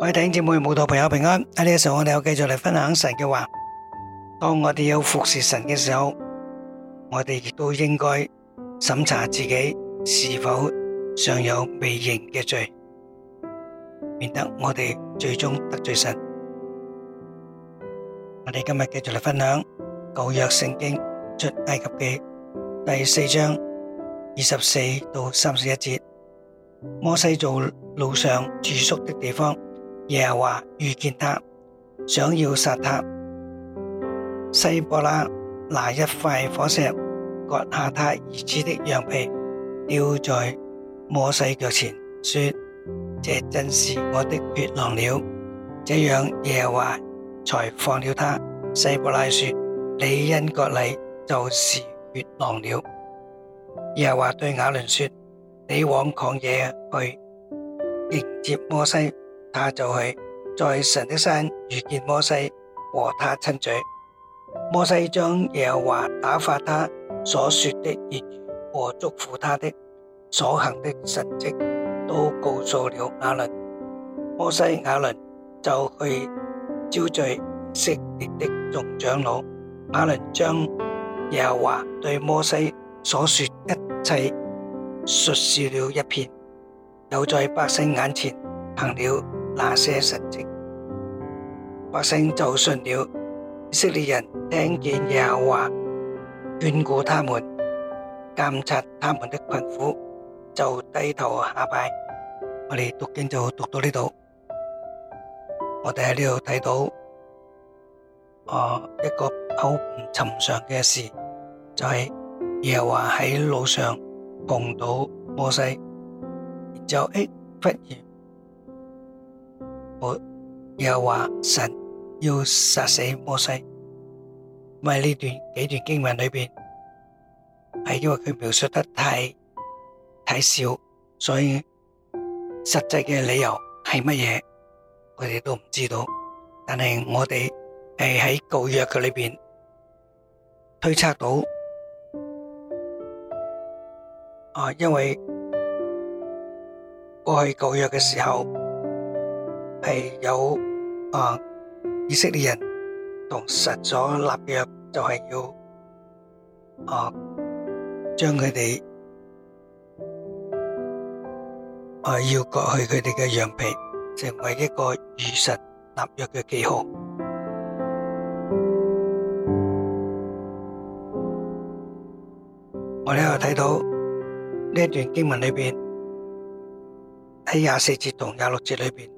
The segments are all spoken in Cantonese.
各位弟兄姊妹、信徒朋友平安！喺呢個時候，我哋又繼續嚟分享神嘅話。當我哋要服侍神嘅時候，我哋亦都應該審查自己是否尚有未認嘅罪，免得我哋最終得罪神。我哋今日繼續嚟分享舊約聖經出埃及記第四章二十四到三十一節，摩西做路上住宿的地方。耶和華遇見他，想要殺他。西波拉拿一塊火石，割下他兒子的羊皮，丟在摩西腳前，說：這真是我的血狼了。這樣耶和華才放了他。西波拉說：你因割禮就是血狼了。耶和華對亞倫說：你往曠野去迎接摩西。他就去在神的山遇見摩西，和他親嘴。摩西將耶和華打發他所說的言語和祝福他的所行的神蹟，都告訴了亞倫。摩西亞倫就去招聚以色列的眾長老，亞倫將耶和華對摩西所說一切述說了一遍，又在百姓眼前行了。那些神跡，百姓就信了。以色列人聽見耶和華眷顧他們、監察他們的困苦，就低頭下拜。我哋讀經就讀到呢度。我哋喺呢度睇到，誒，一個好唔尋常嘅事，就係耶和華喺路上碰到摩西，就一忽然。我又話神要殺死摩西，咪呢段幾段經文裏邊係因為佢描述得太太少，所以實際嘅理由係乜嘢，我哋都唔知道。但係我哋係喺舊約嘅裏邊推測到啊，因為過去舊約嘅時候。係有啊，以色列人同神咗立約，就係要啊將佢哋啊要割去佢哋嘅羊皮，成為一個與神立約嘅記號。我哋又睇到呢一段經文裏邊喺廿四節同廿六節裏邊。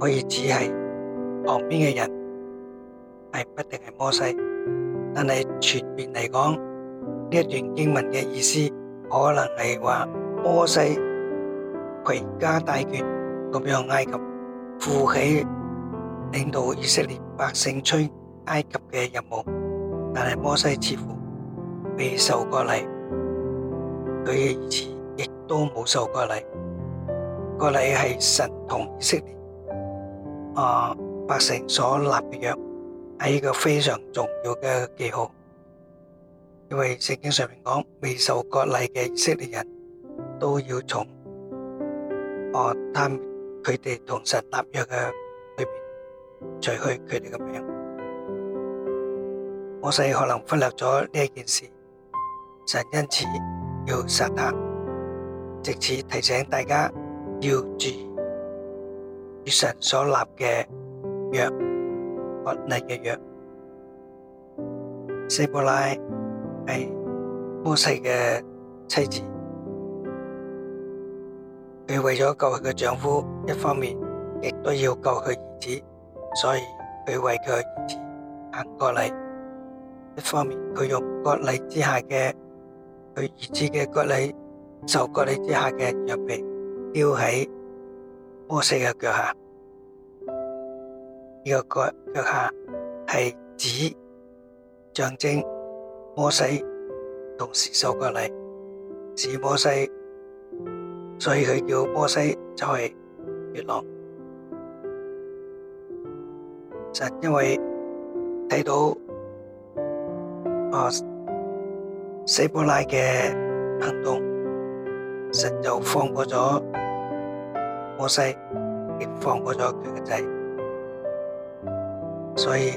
可以指係旁邊嘅人，係不一定係摩西，但係全面嚟講，呢一段經文嘅意思，可能係話摩西攜家帶眷咁樣埃及負起領導以色列百姓出埃及嘅任務，但係摩西似乎未受過禮，佢嘅兒子亦都冇受過禮，個禮係神同以色列，啊！百姓所立嘅約係一個非常重要嘅記號，因為聖經上面講未受割禮嘅以色列人都要從哦，他佢哋同神立約嘅裏邊除去佢哋嘅名。我哋可能忽略咗呢一件事，神因此要殺他，借此提醒大家要注意。以神所立嘅約，割禮嘅約。西波拉係摩西嘅妻子，佢為咗救佢嘅丈夫，一方面亦都要救佢兒子，所以佢為佢兒子行割禮。一方面，佢用割禮之下嘅，佢兒子嘅割禮，受割禮之下嘅約被吊起。摩西嘅腳下，呢個腳腳下係指象徵摩西，同時數過嚟係摩西，所以佢叫摩西就係月狼。神因為睇到啊西波拉嘅行動，神就放過咗。摩西，亦放過咗佢個仔，所以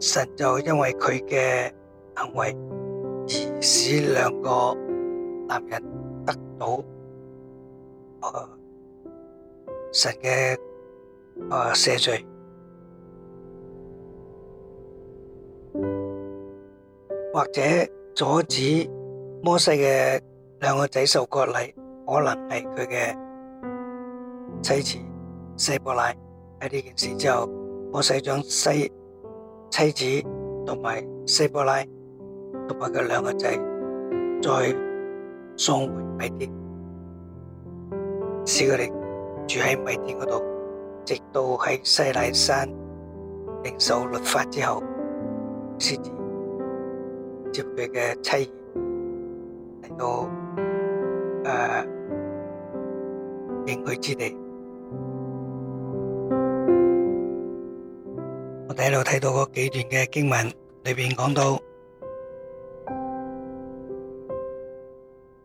神就因為佢嘅行為，而使兩個男人得到神嘅誒赦罪，或者阻止。摩西嘅兩個仔受割禮，可能係佢嘅妻子西波拉。喺呢件事之後，摩西將西妻子同埋西波拉同埋佢兩個仔再送回米甸，使佢哋住喺米甸嗰度，直到喺西奈山領受律法之後，先至接佢嘅妻。到誒、應、啊、許之地。我哋喺度睇到嗰幾段嘅經文裏邊講到，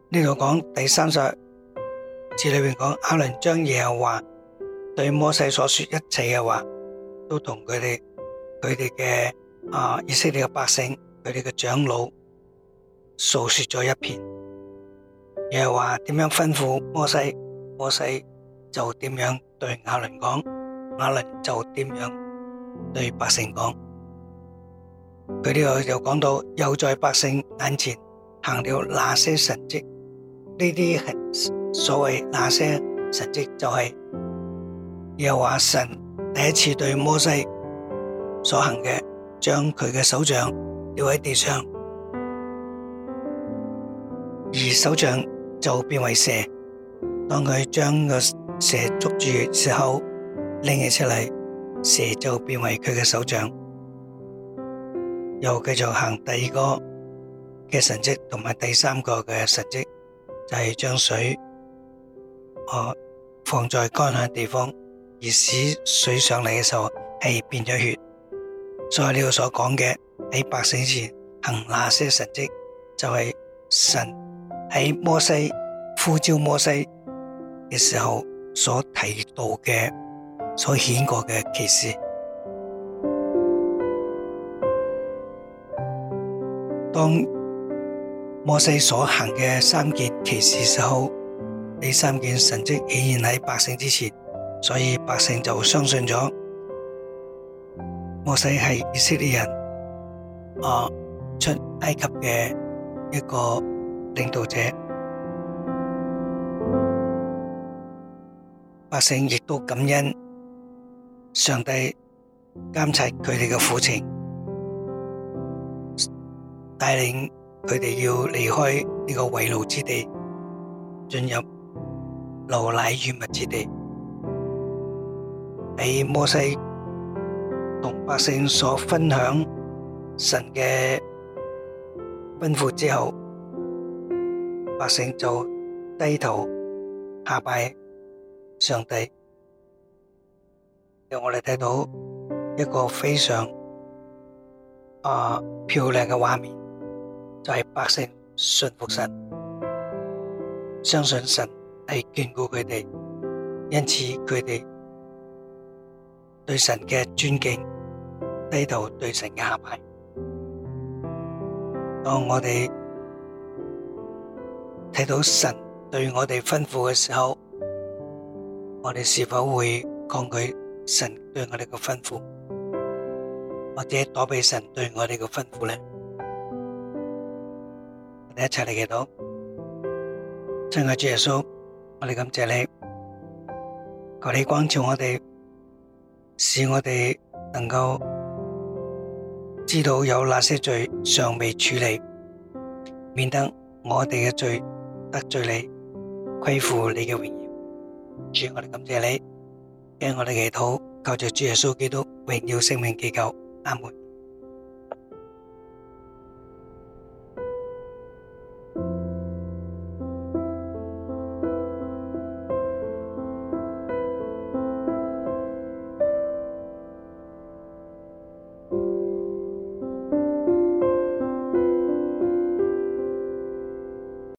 呢度講第三十節裏邊講，亞倫將耶和華對摩西所說一切嘅話，都同佢哋佢哋嘅啊以色列嘅百姓、佢哋嘅長老訴說咗一遍。又係話點樣吩咐摩西，摩西就點樣對亞倫講，亞倫就點樣對百姓講。佢呢個又講到又在百姓眼前行了那些神蹟？呢啲係所謂那些神蹟？就係又話神第一次對摩西所行嘅，將佢嘅手掌掉喺地上，而手掌。就變為蛇。當佢將個蛇捉住嘅時候，拎起出嚟，蛇就變為佢嘅手掌。又繼續行第二個嘅神蹟，同埋第三個嘅神蹟，就係、是、將水哦、啊、放在乾旱地方，而使水上嚟嘅時候，係變咗血。所以呢度所講嘅喺百姓前行那些神蹟，就係、是、神。喺摩西呼召摩西嘅時候所提到嘅、所顯過嘅奇事，當摩西所行嘅三件奇事時候，呢三件神蹟顯現喺百姓之前，所以百姓就相信咗摩西係以色列人，啊，出埃及嘅一個。領導者，百姓亦都感恩上帝監察佢哋嘅苦情，帶領佢哋要離開呢個為奴之地，進入流奶與蜜之地，喺摩西同百姓所分享神嘅吩咐之後。百姓就低頭下拜上帝，讓我哋睇到一個非常啊漂亮嘅畫面，就係百姓信服神，相信神係眷顧佢哋，因此佢哋對神嘅尊敬，低頭對神嘅下拜。當我哋。睇到神對我哋吩咐嘅時候，我哋是否會抗拒神對我哋嘅吩咐，或者躲避神對我哋嘅吩咐呢？我哋一齊嚟祈禱，親愛嘅主耶穌，我哋感謝你，求你光照我哋，使我哋能夠知道有哪些罪尚未處理，免得我哋嘅罪。得罪你，虧負你嘅榮耀，主，我哋感謝你，經我哋祈禱，靠着主耶穌基督榮耀聖名祈求，阿門。